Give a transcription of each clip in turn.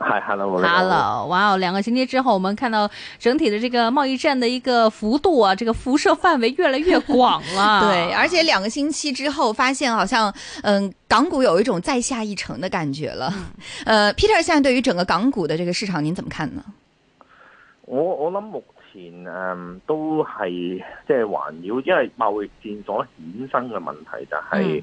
Hi, hello, hello！哇哦，兩個星期之後，我們看到整體的這個貿易戰的一個幅度啊，這個輻射範圍越來越廣了 對，而且兩個星期之後，發現好像，嗯，港股有一種再下一城的感覺了。呃、嗯 uh,，Peter，現在對於整個港股的這個市場，您怎麼看呢？我我諗目前嗯都係即係環繞，因為貿易戰所衍生嘅問題就係、是。嗯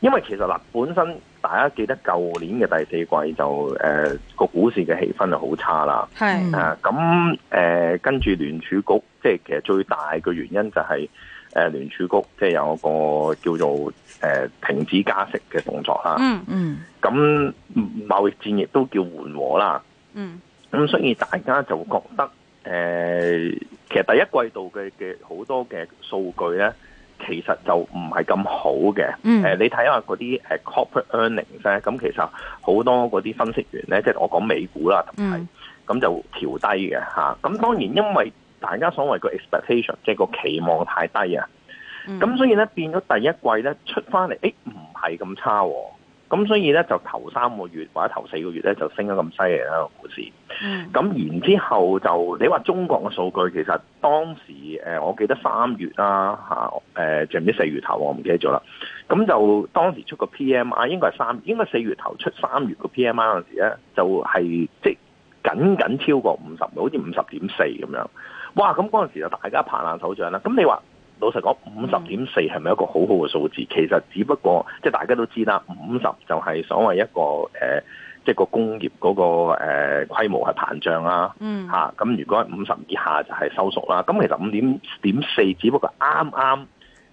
因為其實嗱，本身大家記得舊年嘅第四季就誒個股市嘅氣氛就好差啦。係啊，咁誒跟住聯儲局，即係其實最大嘅原因就係誒聯儲局即係有個叫做誒停止加息嘅動作啦。嗯嗯。咁貿易戰亦都叫緩和啦。嗯。咁所以大家就覺得誒，其實第一季度嘅嘅好多嘅數據咧。其實就唔係咁好嘅，誒、嗯呃、你睇下嗰啲 Corporate Earnings 咧，咁其實好多嗰啲分析員咧，即、就、係、是、我講美股啦，咁、嗯、就調低嘅嚇。咁、啊、當然因為大家所謂個 expectation，即係個期望太低啊，咁、嗯、所以咧變咗第一季咧出翻嚟，誒唔係咁差，啊。咁所以咧就頭三個月或者頭四個月咧就升得咁犀利啦。個股市，咁然之後就你話中國嘅數據其實當時、呃、我記得三月啦、啊，仲、啊、唔、呃、知四月頭我唔記得咗啦，咁就當時出個 PMI 應該係三，應該四月頭出三月個 PMI 嗰時咧就係即係僅僅超過五十，好似五十點四咁樣，哇！咁嗰陣時就大家拍爛手掌啦，咁你話？老實講，五十點四係咪一個好好嘅數字？Mm. 其實只不過即係大家都知啦，五十就係所謂一個誒，即係個工業嗰個誒規模係膨脹啦、啊。嗯、mm. 啊，吓咁如果五十以下就係收縮啦、啊。咁其實五點點四只不過啱啱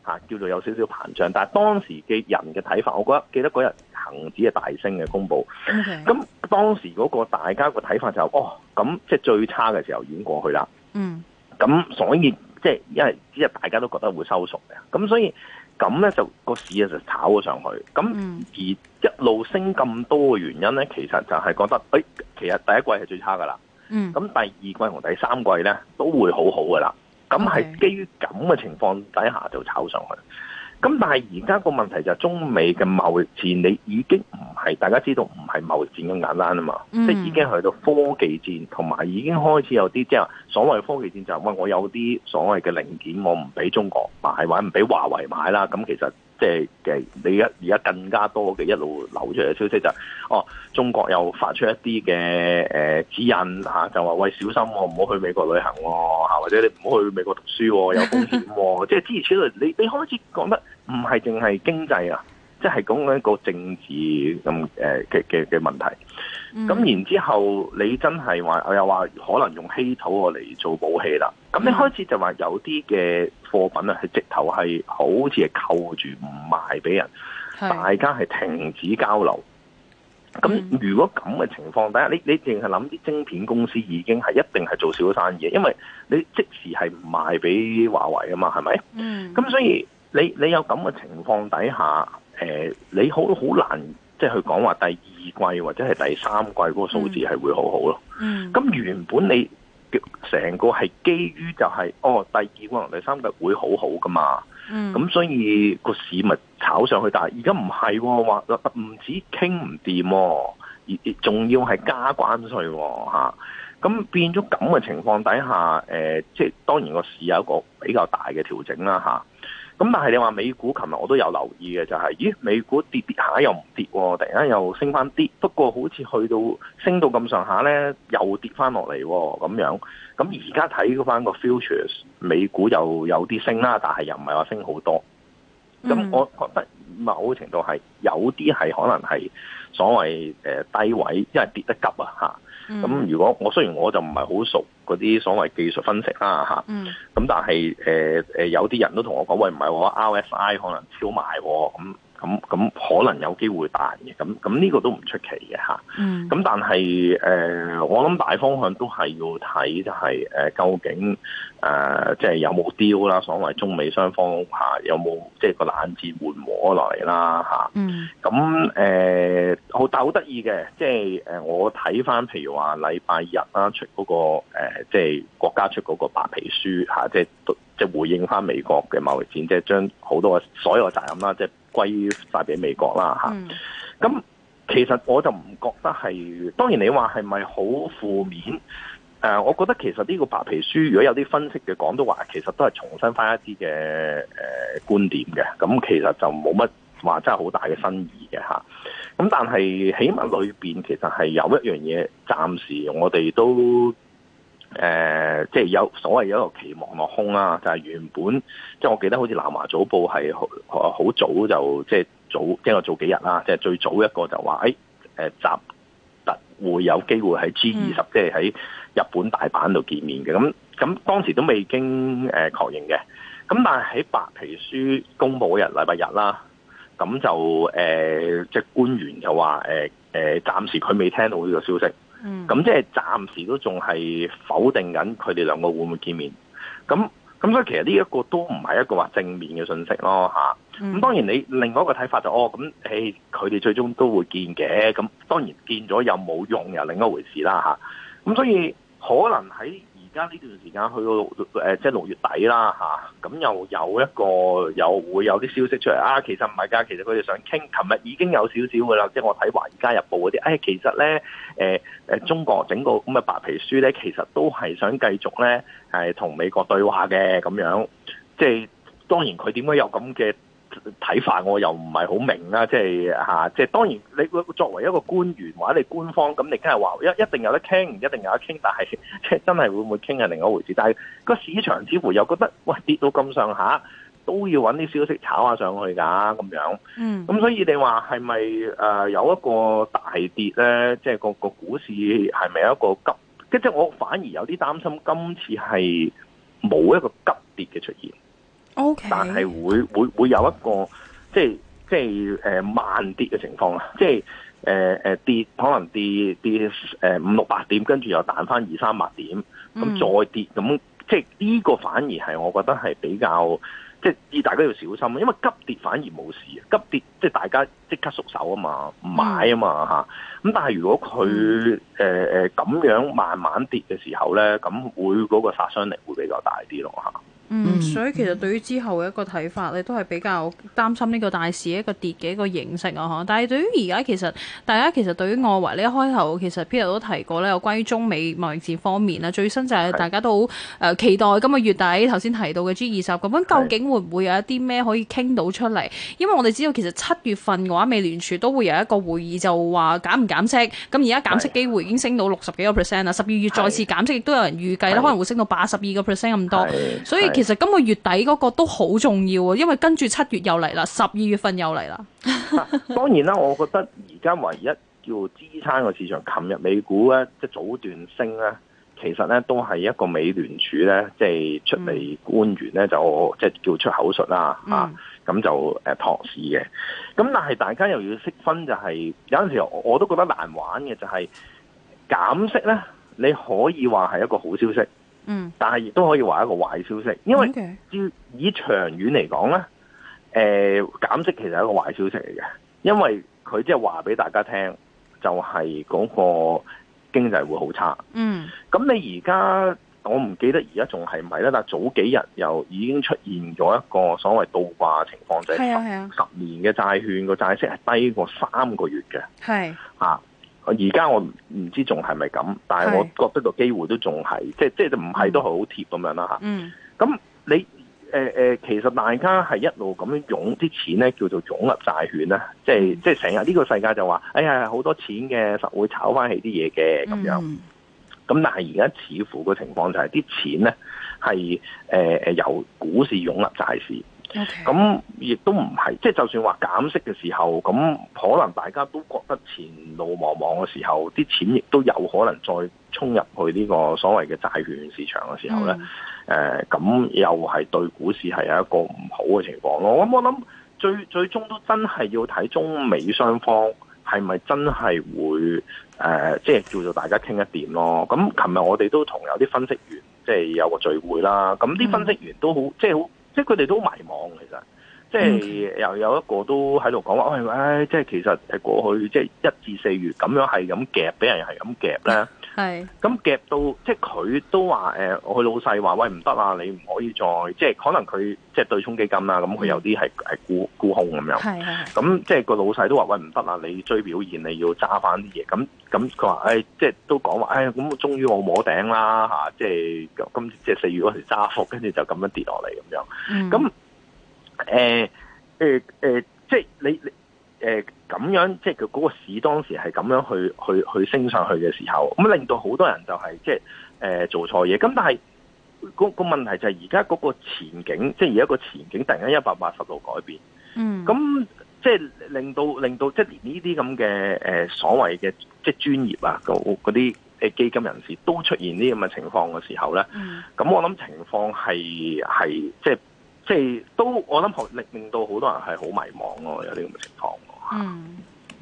吓叫做有少少膨脹，但係當時嘅人嘅睇法，我覺得記得嗰日恒指係大升嘅公布。咁 Okay. 當時嗰個大家個睇法就是、哦，咁即係最差嘅時候已經過去啦。嗯，咁所以。即係，是因為只係大家都覺得會收縮嘅，咁所以咁咧就個市就炒咗上去。咁而一路升咁多嘅原因咧，其實就係覺得，誒，其實第一季係最差噶啦，咁第二季同第三季咧都會好好噶啦。咁係基於咁嘅情況底下，就炒上去。咁但係而家個問題就係中美嘅貿易戰，你已經唔係大家知道唔係貿易戰咁簡單啊嘛，mm. 即係已經去到科技戰，同埋已經開始有啲即係所謂科技戰就係、是、喂我有啲所謂嘅零件我唔俾中國買，或者唔俾華為買啦，咁其實。即係嘅，你一而家更加多嘅一路流出嘅消息就係，哦，中國又發出一啲嘅誒指引嚇、啊，就話喂，小心、哦，唔好去美國旅行喎、哦啊，或者你唔好去美國讀書、哦，有風險、哦。即係之前呢度，你你開始講乜？唔係淨係經濟啊，即係講緊一個政治咁誒嘅嘅嘅問題。咁、嗯、然之後，你真係話又話可能用稀土我嚟做武器啦。咁、嗯、你開始就話有啲嘅貨品啊，係直頭係好似係扣住唔賣俾人，是大家係停止交流。咁、嗯、如果咁嘅情況底下，你你淨係諗啲晶片公司已經係一定係做少咗生意，因為你即時係唔賣俾華為啊嘛，係咪？咁、嗯、所以你你有咁嘅情況底下，誒、呃，你好好難。即係佢講話第二季或者係第三季嗰個數字係會好好咯。咁原本你成個係基於就係、是、哦，第二季同第三季會好好噶嘛。咁所以個市咪炒上去，但係而家唔係話唔止傾唔掂，而而仲要係加關稅吓、哦。咁變咗咁嘅情況底下，誒、呃，即係當然個市有一個比較大嘅調整啦、啊、吓。咁但係你話美股，琴日我都有留意嘅、就係，就係咦美股跌跌下又唔跌，突然間又升翻啲。不過好似去到升到咁上下咧，又跌翻落嚟咁樣。咁而家睇翻個 futures 美股又有啲升啦，但係又唔係話升好多。咁我覺得某程度係有啲係可能係所謂誒低位，因為跌得急啊吓。咁如果我雖然我就唔係好熟嗰啲所謂技術分析啦吓，咁、嗯、但係誒誒有啲人都同我講喂，唔係喎 RSI 可能超賣咁咁咁可能有機會彈嘅，咁咁呢個都唔出奇嘅吓。咁、嗯、但係誒、呃、我諗大方向都係要睇、就是，就係誒究竟。誒，即係、呃就是、有冇丟啦？所謂中美雙方吓、啊、有冇即係個冷戰緩和落嚟啦？吓、啊，咁誒好但好得意嘅，即係誒我睇翻譬如話禮拜日啦，出嗰、那個誒即係國家出嗰個白皮書吓，即係即係回應翻美國嘅貿易戰，即係將好多所有嘅責任啦，即係歸晒俾美國啦吓。咁、啊 mm. 其實我就唔覺得係，當然你話係咪好負面？誒，我覺得其實呢個白皮書如果有啲分析嘅講，都話其實都係重新翻一啲嘅誒觀點嘅。咁其實就冇乜話真係好大嘅新意嘅吓。咁但係起碼裏邊其實係有一樣嘢，暫時我哋都誒，即、呃、係、就是、有所謂有一個期望落空啦。就係、是、原本即係、就是、我記得好似南華早報係好好早就即係、就是、早即係、就是、早幾日啦，即、就、係、是、最早一個就話誒，誒、欸，習特會有機會係 G20，即係喺。日本大阪度見面嘅，咁咁當時都未經誒確認嘅，咁但係喺白皮書公布嗰日禮拜日啦，咁就誒即係官員就話誒誒暫時佢未聽到呢個消息，咁即係暫時都仲係否定緊佢哋兩個會唔會見面，咁咁所以其實呢一個都唔係一個話正面嘅信息咯，吓，咁當然你另外一個睇法就哦，咁誒佢哋最終都會見嘅，咁當然見咗有冇用又另一回事啦，吓，咁所以。可能喺而家呢段時間去到六，即係六月底啦，咁、啊、又有一個又會有啲消息出嚟啊！其實唔係㗎，其實佢哋想傾，琴日已經有少少㗎啦，即係我睇《華爾街日報》嗰啲，誒、哎、其實咧、欸、中國整個咁嘅白皮書咧，其實都係想繼續咧係同美國對話嘅咁樣，即係當然佢點解有咁嘅？睇法我又唔係好明啦，即係吓，即係當然你作為一個官員或者你官方，咁你梗係話一一定有得傾，一定有得傾，但係即係真係會唔會傾係另外一回事。但係個市場似乎又覺得，哇跌到咁上下，都要搵啲消息炒下上去㗎咁樣。嗯，咁所以你話係咪誒有一個大跌咧？即係個個股市係咪有一個急？即係我反而有啲擔心，今次係冇一個急跌嘅出現。Okay, 但係會會會有一個即係即係誒慢跌嘅情況，即係誒誒跌可能跌跌誒五六百點，跟住又彈翻二三百點，咁、嗯、再跌，咁即係呢個反而係我覺得係比較即係，大家要小心，因為急跌反而冇事，急跌即係大家即刻縮手啊嘛，唔買啊嘛吓，咁、嗯、但係如果佢誒誒咁樣慢慢跌嘅時候咧，咁會嗰、嗰個殺傷力會比較大啲咯吓。嗯，嗯，所以其實對於之後嘅一個睇法咧，嗯、都係比較擔心呢個大市一個跌嘅一個形勢啊，但係對於而家其實大家其實對於外圍呢一開頭其實 Peter 都提過咧，有關於中美貿易戰方面啦，最新就係大家都好期待是今個月底頭先提到嘅 G 二十咁，咁究竟會唔會有一啲咩可以傾到出嚟？是因為我哋知道其實七月份嘅話，美聯儲都會有一個會議就話減唔減息，咁而家減息機會已經升到六十幾個 percent 啦，十二月再次減息亦都有人預計可能會升到八十二個 percent 咁多，所以。其實今個月底嗰個都好重要啊，因為跟住七月又嚟啦，十二月份又嚟啦。當然啦，我覺得而家唯一叫支撐個市場，琴日美股咧即早段升咧，其實咧都係一個美聯儲咧即出嚟官員咧、嗯、就即叫出口術啦嚇，咁、嗯啊、就誒、啊、託市嘅。咁但係大家又要識分、就是，就係有陣時我，我都覺得難玩嘅，就係減息咧，你可以話係一個好消息。嗯，但係亦都可以話一個壞消息，因為以以長遠嚟講咧，誒、呃，減息其實係一個壞消息嚟嘅，因為佢即係話俾大家聽，就係嗰個經濟會好差。嗯，咁你而家我唔記得而家仲係咪咧，但係早幾日又已經出現咗一個所謂倒掛情況，就係十年嘅債券個債息係低過三個月嘅。係的啊。而家我唔知仲係咪咁，但係我覺得個機會都仲係是，即係即係就唔係都好貼咁樣啦吓，咁你誒誒、呃，其實大家係一路咁樣湧啲錢咧，叫做湧入債券啦，即係即係成日呢個世界就話，哎呀好多錢嘅實會炒翻起啲嘢嘅咁樣。咁、嗯、但係而家似乎個情況就係啲錢咧係誒誒由股市湧入債市。咁亦都唔係，即係 Okay,、就是、就算話減息嘅時候，咁可能大家都覺得前路茫茫嘅時候，啲錢亦都有可能再衝入去呢個所謂嘅債券市場嘅時候咧，誒、嗯、咁、呃、又係對股市係有一個唔好嘅情況、呃就是、咯。咁我諗最最終都真係要睇中美雙方係咪真係會誒，即係叫做大家傾一點咯。咁琴日我哋都同有啲分析員即係、就是、有個聚會啦，咁啲分析員都好，嗯、即係好。即係佢哋都迷茫，其實，即係又有一個都喺度講話，喂，「唉，即係其實係過去，即係一至四月咁樣係咁夾，俾人係咁夾呢。」係，咁夾到，即係佢都話誒，我個老細話喂，唔得啊，你唔可以再，即係可能佢即係對沖基金啦，咁佢有啲係係沽沽空咁樣，咁的即係個老細都話喂，唔得啊，你追表現你要揸翻啲嘢，咁咁佢話誒，即係都講話誒，咁、哎、終於我摸頂啦，啊、即係今次即係四月嗰時揸伏，跟住就咁樣跌落嚟咁樣，咁誒誒誒，即係你。你誒，咁樣即係佢嗰個市當時係咁樣去去去升上去嘅時候，咁令到好多人就係即係誒做錯嘢。咁但係個個問題就係而家嗰個前景，即係而家個前景突然間一百八十度改變。嗯，咁即係令到令到即係連呢啲咁嘅誒所謂嘅即係專業啊，嗰啲誒基金人士都出現呢啲咁嘅情況嘅時候咧。嗯、咁、我諗情況係係即係。即係都我諗令到好多人係好迷茫咯，有呢咁嘅情況。嗯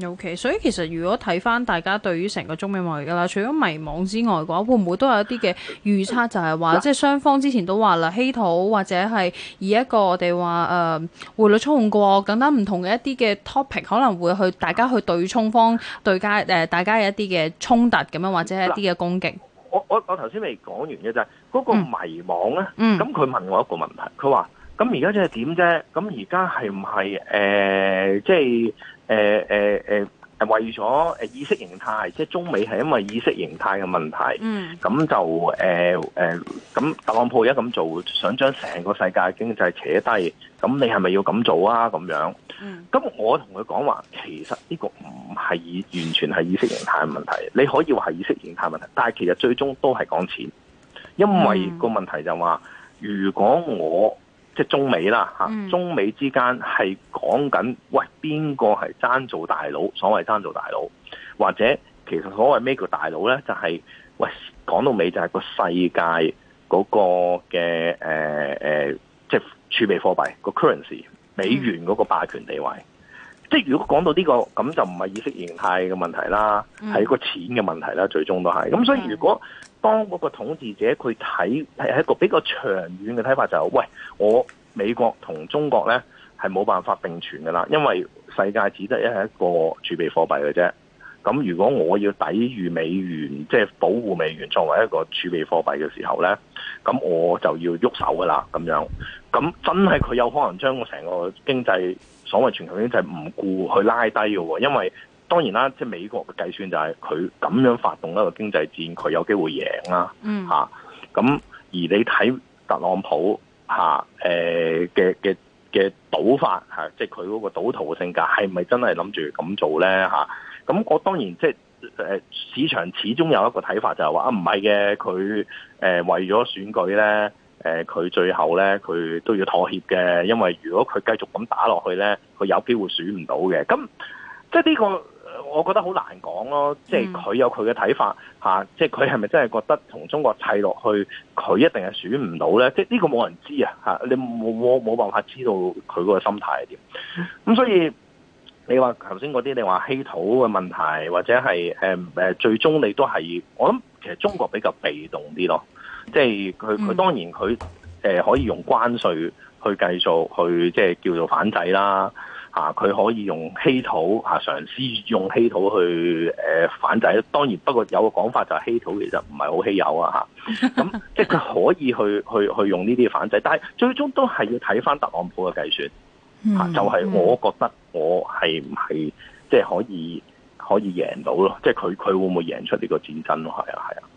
，OK。所以其實如果睇翻大家對於成個中美貿易噶啦，除咗迷茫之外嘅話，會唔會都有一啲嘅預測，就係，嗯、就係話即係雙方之前都話啦，稀土或者係以一個我哋話誒匯率操控過，等等唔同嘅一啲嘅 topic，可能會去大家去對沖方對加大，呃、大家有一啲嘅衝突咁樣，或者一啲嘅攻擊。我我我頭先未講完嘅就係嗰個迷茫咧。嗯。咁佢問我一個問題，佢咁而家即係點啫？咁而家係唔係誒？即係誒誒誒，為咗意識形態，即係中美係因為意識形態嘅問題。嗯就。咁就誒誒，咁特朗普而家咁做，想將成個世界經濟扯低。咁你係咪要咁做啊？咁樣。咁、嗯、我同佢講話，其實呢個唔係完全係意識形態嘅問題。你可以話係意識形態問題，但係其實最終都係講錢。因為個問題就話，如果我即係中美啦，吓，中美之間係講緊，喂，邊個係爭做大佬？所謂爭做大佬，或者其實所謂咩叫大佬咧，就係、係、喂，講到尾就係個世界嗰個嘅誒誒，即、呃、係、呃就係、儲備貨幣個 currency 美元嗰個霸權地位。即係如果講到呢、這個咁就唔係意識形態嘅問題啦，係、嗯、一個錢嘅問題啦，最終都係。咁所以如果當嗰個統治者佢睇係一個比較長遠嘅睇法、就是，就係喂，我美國同中國咧係冇辦法並存噶啦，因為世界只得一個儲備貨幣嘅啫。咁如果我要抵御美元，即、就、係、是、保護美元作為一個儲備貨幣嘅時候咧，咁我就要喐手噶啦，咁樣。咁真係佢有可能將我成個經濟。所謂全球經濟唔顧去拉低嘅喎，因為當然啦，即係美國嘅計算就係佢咁樣發動一個經濟戰，佢有機會贏啦、啊，嚇、嗯。咁、啊、而你睇特朗普嚇誒嘅嘅嘅賭法嚇、啊，即係佢嗰個賭徒性格係咪真係諗住咁做咧嚇？咁、啊、我當然即係誒市場始終有一個睇法就係話啊唔係嘅，佢誒、欸、為咗選舉咧。誒，佢、呃、最後咧，佢都要妥協嘅，因為如果佢繼續咁打落去咧，佢有機會選唔到嘅。咁即係呢個，我覺得好難講咯。即係佢有佢嘅睇法吓、嗯啊，即係佢係咪真係覺得同中國砌落去，佢一定係選唔到咧？即係呢個冇人知啊吓，你冇冇冇辦法知道佢嗰個心態係點。咁所以你話頭先嗰啲，你話稀土嘅問題，或者係誒誒，最終你都係我諗，其實中國比較被動啲咯。即係佢佢當然佢誒可以用關稅去計數，去即係叫做反制啦，嚇佢可以用稀土嚇，嘗試用稀土去反制，當當然不過，有個講法就係稀土其實唔係好稀有啊。咁即係佢可以去去去用呢啲反制，但係最終都係要睇翻特朗普嘅計算就係，我覺得我係唔係即係可以可以贏到咯？即係佢佢會唔會贏出呢個戰爭咯？係啊係啊！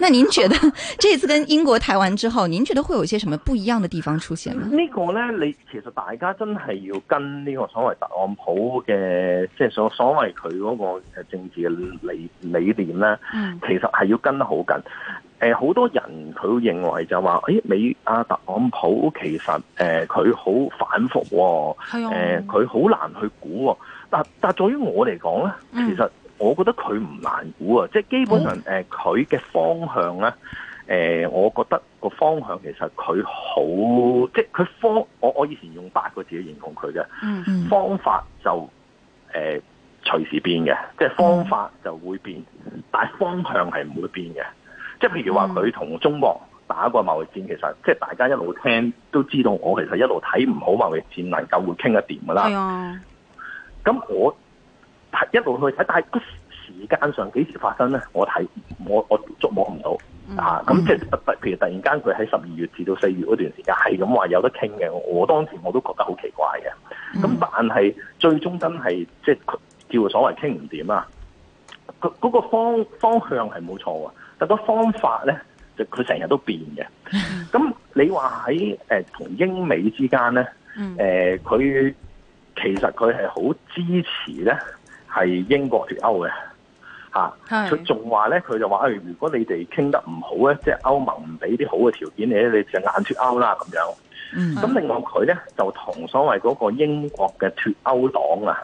那您覺得這次跟英國談完之後， 您覺得會有一些什麼不一樣的地方出現嗎？呢個呢，你其實大家真係要跟呢個所謂特朗普嘅，即係所所謂佢嗰個政治嘅理、理念呢，其實係要跟得好緊。誒、嗯，好、呃、多人佢認為就話，誒美阿、啊、特朗普其實誒佢好反覆、哦，係佢好難去估、哦。嗱，但係在於我嚟講呢，嗯、其實。我覺得佢唔難估啊，即係基本上誒，佢嘅方向咧，誒，我覺得個方向其實佢好，即係佢方，我我以前用八個字形容佢嘅，嗯嗯方法就誒隨時變嘅，即係方法就會變，嗯，但係方向係唔會變嘅。即係譬如話佢同中國打過貿易戰，嗯嗯其實即係大家一路聽都知道，我其實一路睇唔好貿易戰，能夠會傾得掂噶啦。係啊，咁我。一路去睇，但係個時間上幾時發生咧？我睇我我捉摸唔到、嗯、啊！咁即係譬如突然間佢喺十二月至到四月嗰段時間係咁話有得傾嘅，我當時我都覺得好奇怪嘅。咁但係最終真係即係佢叫做所謂傾唔掂啊？嗰嗰、嗰個方方向係冇錯，但個個方法咧就佢成日都變嘅。咁、嗯、你話喺誒同英美之間咧，誒、呃、佢其實佢係好支持咧。係英國脱歐嘅嚇，佢仲話咧，佢是就話：，誒、哎，如果你哋傾得唔好咧，即係歐盟唔俾啲好嘅條件你咧，你就硬脱歐啦咁樣。咁、mm hmm. 另外佢咧就同所謂嗰個英國嘅脱歐黨啊，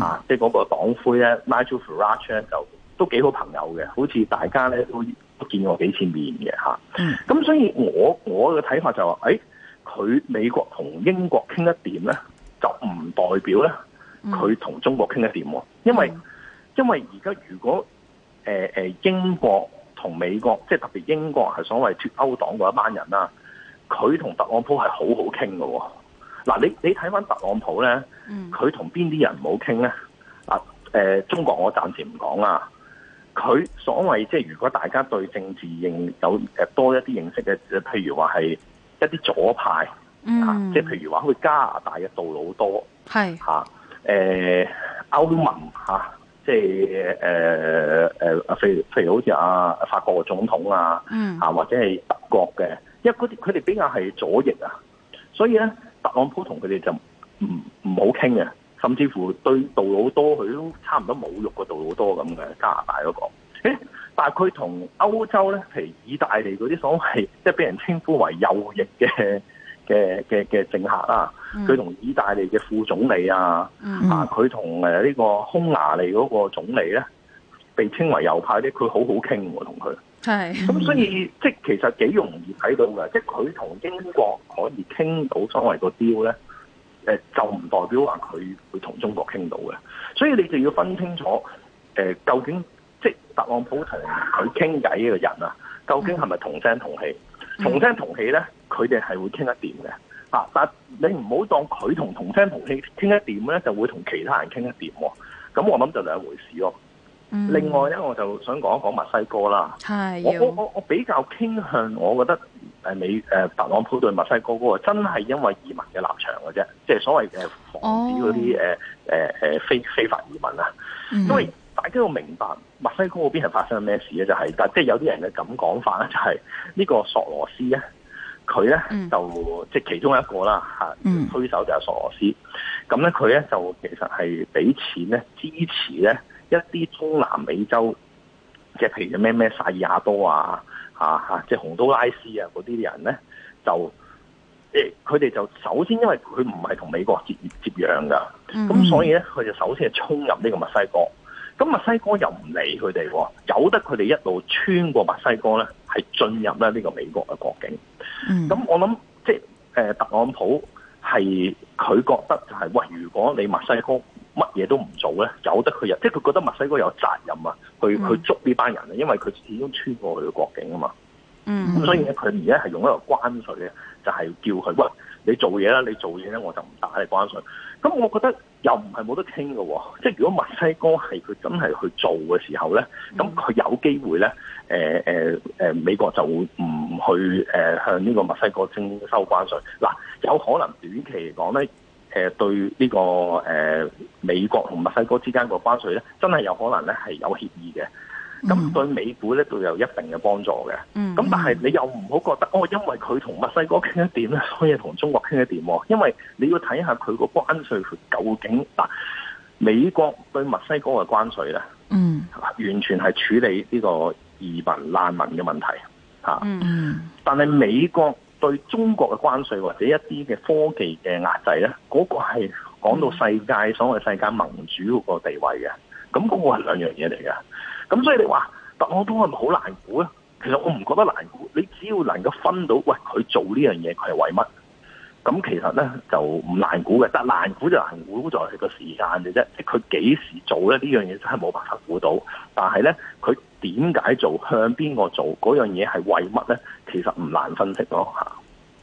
啊，即係嗰個黨魁咧，Nigel Farage 就都幾好朋友嘅，好似大家咧都，都見過幾次面嘅嚇。咁、啊 mm hmm. 所以我我嘅睇法就話、是：，誒、哎，佢美國同英國傾一點咧，就唔代表咧。佢同、嗯、中國傾得掂，因為、嗯、因為而家如果誒誒、呃、英國同美國，即係特別英國係所謂脱歐黨嗰一班人啦、啊，佢同特朗普係好好傾嘅、啊。嗱、啊，你你睇翻特朗普咧，佢同邊啲人唔好傾咧？啊誒、呃，中國我暫時唔講啦。佢所謂即係如果大家對政治認有誒多一啲認識嘅，譬如話係一啲左派、嗯、啊，即係譬如話去加拿大嘅杜魯多係嚇。嗯啊誒、呃、歐盟嚇、啊，即係誒誒，譬如譬如好似阿法國嘅總統啊，嗯，嚇或者係德國嘅，因為佢哋佢哋比較係左翼啊，所以咧特朗普同佢哋就唔唔好傾嘅，甚至乎對杜魯多佢都差唔多侮辱個杜魯多咁嘅加拿大嗰、那個，欸、但係佢同歐洲咧，譬如意大利嗰啲所謂即係、就是、被人稱呼為右翼嘅嘅嘅嘅政客啊。佢同意大利嘅副總理啊，mm hmm. 啊，佢同誒呢個匈牙利嗰個總理咧，被稱為右派啲，佢好好傾喎，同佢。係是，咁所以、mm hmm. 即其實幾容易睇到嘅，即佢同英國可以傾到所謂個 deal 呢，咧、呃，就唔代表話佢會同中國傾到嘅。所以你就要分清楚，呃、究竟即係特朗普同佢傾偈嘅人啊，究竟係咪同聲同氣？Mm hmm. 同聲同氣咧，佢哋係會傾得掂嘅。啊！但你唔好當佢同同聲同氣傾一點咧，就會同其他人傾一點喎。咁我諗就兩回事咯。嗯、另外咧，我就想講一講墨西哥啦。係陽。我我我比較傾向，我覺得誒美誒、呃、特朗普對墨西哥嗰個真係因為移民嘅立場嘅啫，即係所謂誒防止嗰啲誒誒誒非非法移民啦。嗯、因為大家要明白墨西哥嗰邊係發生咩事咧，就係、是、但即係有啲人嘅咁講法咧，就係、是、呢、就是、個索羅斯啊。佢咧、嗯、就即係其中一個啦嚇，推手就係索羅斯。咁咧佢咧就其實係俾錢咧支持咧一啲中南美洲，即係譬如咩咩薩爾瓦多啊即係、啊啊就是、洪都拉斯啊嗰啲人咧，就佢哋、欸、就首先因為佢唔係同美國接接壤噶，咁、嗯、所以咧佢就首先係衝入呢個墨西哥。咁墨西哥又唔理佢哋，由得佢哋一路穿過墨西哥咧。係進入咧呢個美國嘅國境，咁、嗯、我諗即係、呃、特朗普係佢覺得就係、是、喂，如果你墨西哥乜嘢都唔做咧，得有得佢入，即係佢覺得墨西哥有責任啊，嗯、去去捉呢班人啊，因為佢始終穿過佢嘅國境啊嘛，咁、嗯、所以咧佢而家係用一個關稅咧，就係叫佢喂，你做嘢啦，你做嘢咧我就唔打你關稅。咁我覺得又唔係冇得傾嘅、哦，即係如果墨西哥係佢真係去做嘅時候咧，咁佢有機會咧，誒誒誒，美國就會唔去誒、呃、向呢個墨西哥徵收關稅。嗱，有可能短期嚟講咧，誒、呃、對呢、這個誒、呃、美國同墨西哥之間個關稅咧，真係有可能咧係有協議嘅。咁對美股咧都有一定嘅幫助嘅，咁、嗯、但係你又唔好覺得，哦，因為佢同墨西哥傾一點咧，所以同中國傾一點。因為你要睇下佢個關稅究竟，嗱，美國對墨西哥嘅關稅咧，嗯，完全係處理呢個移民難民嘅問題，吓、啊，嗯，但係美國對中國嘅關稅或者一啲嘅科技嘅壓制咧，嗰、那個係講到世界、嗯、所謂世界盟主嗰個地位嘅，咁、那、嗰個係兩樣嘢嚟嘅。咁所以你話特朗普係咪好難估咧？其實我唔覺得難估，你只要能夠分到，喂佢做呢樣嘢佢係為乜？咁其實咧就唔難估嘅，但難估就難估在佢個時間嘅啫，即係佢幾時做咧呢樣嘢真係冇辦法估到。但係咧佢點解做，向邊個做，嗰樣嘢係為乜咧？其實唔難分析咯嚇。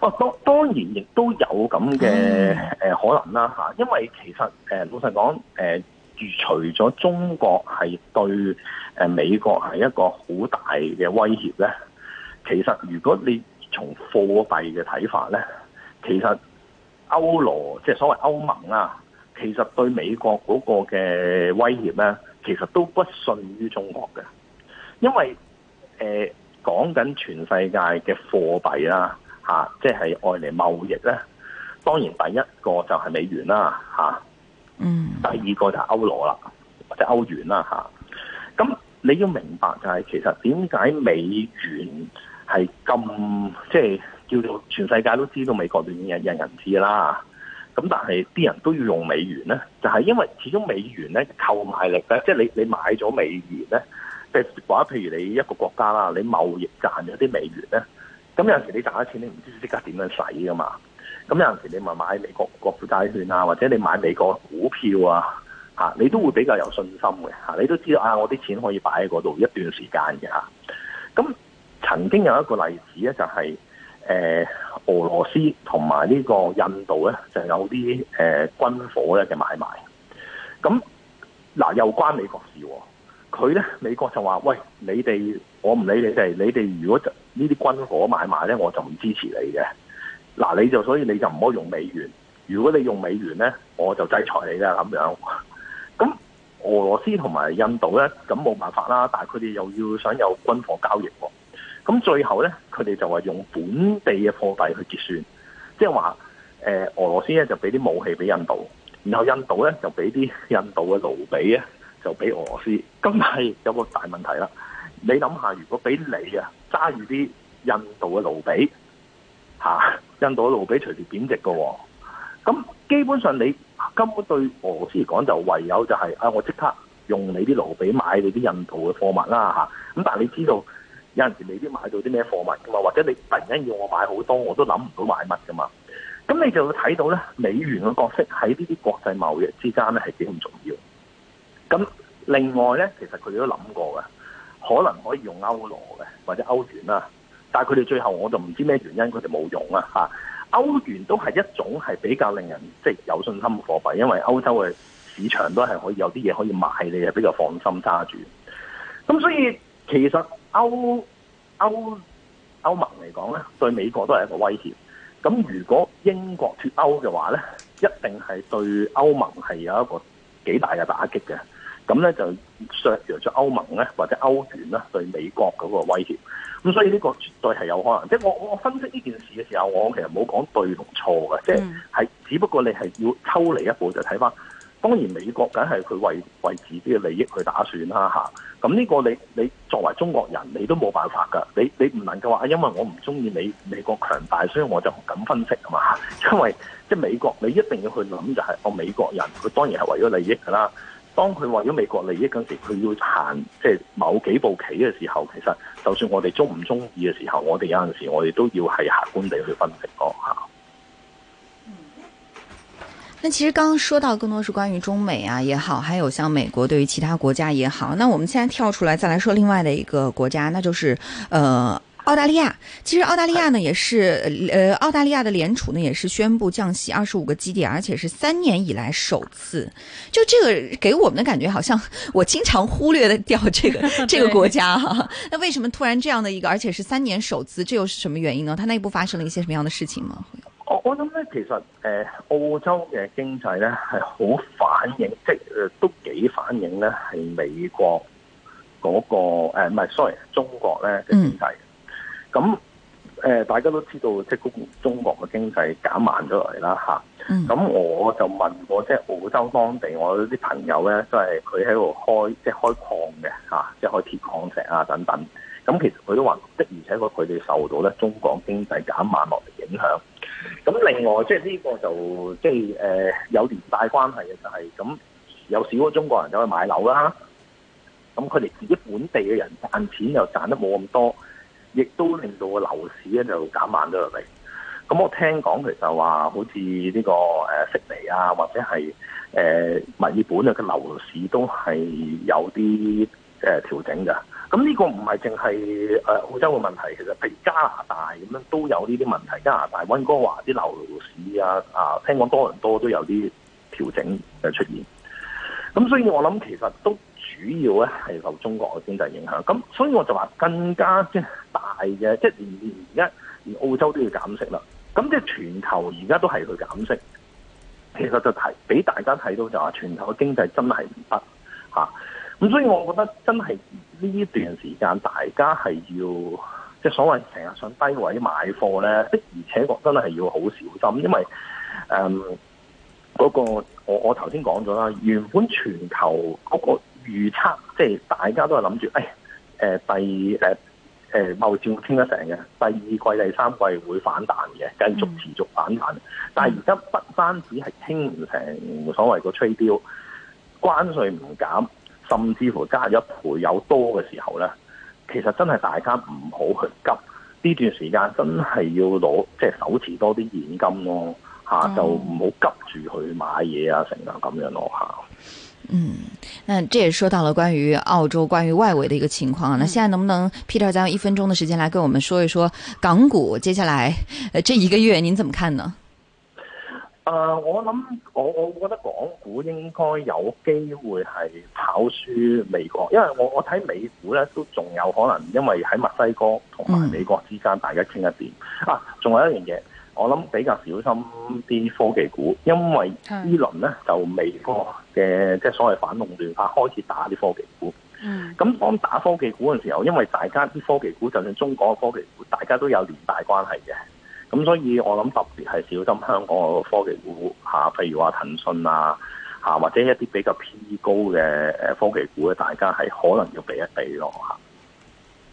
當當然亦都有咁嘅誒可能啦嚇，因為其實老實講誒，除咗中國係對美國係一個好大嘅威脅咧，其實如果你從貨幣嘅睇法咧，其實歐羅即係所謂歐盟啊，其實對美國嗰個嘅威脅咧，其實都不遜於中國嘅，因為誒講緊全世界嘅貨幣啦。即係外嚟貿易咧，當然第一個就係美元啦、啊，嗯、啊。Mm. 第二個就係歐羅啦，或者歐元啦、啊，咁、啊、你要明白就係其實點解美元係咁，即、就、係、是、叫做全世界都知道美國嘅人人人知啦。咁但係啲人都要用美元咧，就係、是、因為始終美元咧購買力咧，即、就、係、是、你你買咗美元咧，即係話譬如你一個國家啦，你貿易賺咗啲美元咧。咁有陣時你賺咗錢，你唔知即刻點樣使噶嘛？咁有陣時你咪買美國國庫債券啊，或者你買美國股票啊，嚇你都會比較有信心嘅嚇，你都知道啊，我啲錢可以擺喺嗰度一段時間嘅嚇。咁曾經有一個例子咧，就係誒俄羅斯同埋呢個印度咧，就有啲誒軍火咧嘅買賣。咁嗱，又關美國事喎？佢咧美國就話：喂，你哋我唔理你哋，你哋如果呢啲軍火買賣咧，我就唔支持你嘅。嗱，你就所以你就唔可以用美元。如果你用美元咧，我就制裁你啦咁樣。咁俄羅斯同埋印度咧，咁冇辦法啦。但佢哋又要想有軍火交易喎、喔。咁最後咧，佢哋就話用本地嘅貨幣去結算，即係話誒俄羅斯咧就俾啲武器俾印度，然後印度咧就俾啲印度嘅盧比啊，就俾俄羅斯。咁但係有個大問題啦。你諗下，如果俾你啊揸住啲印度嘅盧比、啊，印度嘅盧比隨時貶值嘅喎、哦。咁基本上你根本對俄羅斯嚟講，就唯有就係、是、啊，我即刻用你啲盧比買你啲印度嘅貨物啦咁、啊、但你知道有陣時未必買到啲咩貨物㗎嘛，或者你突然間要我買好多，我都諗唔到買乜㗎嘛。咁你就會睇到咧美元嘅角色喺呢啲國際貿易之間咧係幾咁重要。咁另外咧，其實佢哋都諗過嘅。可能可以用歐羅嘅或者歐元啦、啊，但係佢哋最後我就唔知咩原因，佢哋冇用啊嚇。歐元都係一種係比較令人即係、就是、有信心嘅貨幣，因為歐洲嘅市場都係可以有啲嘢可以買，你係比較放心揸住。咁所以其實歐歐歐盟嚟講咧，對美國都係一個威脅。咁如果英國脫歐嘅話咧，一定係對歐盟係有一個幾大嘅打擊嘅。咁咧就。削弱咗歐盟咧，或者歐元咧對美國嗰個威脅，咁所以呢個絕對係有可能。即係我我分析呢件事嘅時候，我其實冇講對同錯嘅，即係係，只不過你係要抽離一步就睇返。當然美國梗係佢為為自己嘅利益去打算啦，吓。咁呢個你你作為中國人，你都冇辦法㗎。你你唔能夠話啊，因為我唔中意你美國強大，所以我就唔敢分析啊嘛。因為即係美國，你一定要去諗就係，我美國人，佢當然係為咗利益㗎喇。當佢為咗美國利益嗰時，佢要行即係某幾步棋嘅時候，其實就算我哋鍾唔鍾意嘅時候，我哋有陣時我哋都要係客觀地去分析。咯下、嗯，其實剛剛說到更多是關於中美啊也好，還有像美國對於其他國家也好，那我們現在跳出來再來說另外的一個國家，那就是，呃。澳大利亞，其實澳大利亞呢也是呃，是的 澳大利亞的聯儲呢也是宣布降息二十五個基點，而且是三年以來首次。就這個給我們的感覺，好像我經常忽略的掉這個 對 這個國家哈。那為什麼突然這樣的一個，而且是三年首次，這又是什麼原因呢？它內部發生了一些什麼樣的事情嗎？我我諗咧，其實、呃、澳洲嘅經濟呢係好反映，即、呃、都幾反映呢係美國嗰、那個誒，唔、呃、係 sorry，中國呢嘅經濟。嗯咁誒，大家都知道，即係中國嘅經濟減慢咗嚟啦，嚇。咁我就問過即係澳洲當地我啲朋友咧，即係佢喺度開即係開礦嘅嚇，即係開鐵礦石啊等等。咁其實佢都話的，而且佢哋受到咧中國經濟減慢落嚟影響。咁另外即係呢個就即係誒有連帶關係嘅就係咁有少咗中國人走去買樓啦。咁佢哋自己本地嘅人賺錢又賺得冇咁多。亦都令到個樓市咧就減慢咗落嚟。咁我聽講其實話好似呢、這個誒悉尼啊，或者係誒墨爾本啊嘅樓市都係有啲誒、啊、調整嘅。咁呢個唔係淨係誒澳洲嘅問題，其實譬如加拿大咁樣都有呢啲問題。加拿大溫哥華啲樓市啊啊，聽講多倫多都有啲調整嘅出現。咁所以我諗其實都。主要咧係受中國嘅經濟影響，咁所以我就話更加即係大嘅，即係連而家連澳洲都要減息啦。咁即係全球而家都係去減息，其實就提俾大家睇到就話全球嘅經濟真係唔得嚇。咁所以我覺得真係呢段時間，大家係要即係所謂成日上低位買貨咧，而且真係要好小心，因為誒嗰、嗯嗰個我我頭先講咗啦，原本全球嗰、嗰個。預測即係、就是、大家都係諗住，誒、哎、誒第誒誒、哎、貿戰傾得成嘅，第二季、第三季會反彈嘅，繼續持續反彈的。嗯、但係而家不單止係傾唔成所謂個 trade deal 關稅唔減，甚至乎加一倍有多嘅時候咧，其實真係大家唔好去急呢段時間真的要，真係要攞即係手持多啲現金咯、哦、嚇，嗯、就唔好急住去買嘢啊，成這啊咁樣咯嚇。嗯，那這也說到了關於澳洲、關於外圍的一個情況啊。嗯、那現在能不能 Peter，再用一分鐘的時間來跟我們說一說港股接下來這一個月您怎麼看呢？呃我諗我我覺得港股應該有機會係跑輸美國，因為我我睇美股呢都仲有可能，因為喺墨西哥同埋美國之間、嗯、大家傾一點啊。仲有一樣嘢，我諗比較小心啲科技股，因為呢輪呢就美國。嘅即係所謂反壟斷法開始打啲科技股，咁當打科技股嗰陣時候，因為大家啲科技股，就算中國嘅科技股，大家都有連帶關係嘅，咁所以我諗特別係小心香港嘅科技股嚇，譬、啊、如話騰訊啊嚇、啊，或者一啲比較偏高嘅誒科技股咧，大家係可能要避一避咯嚇。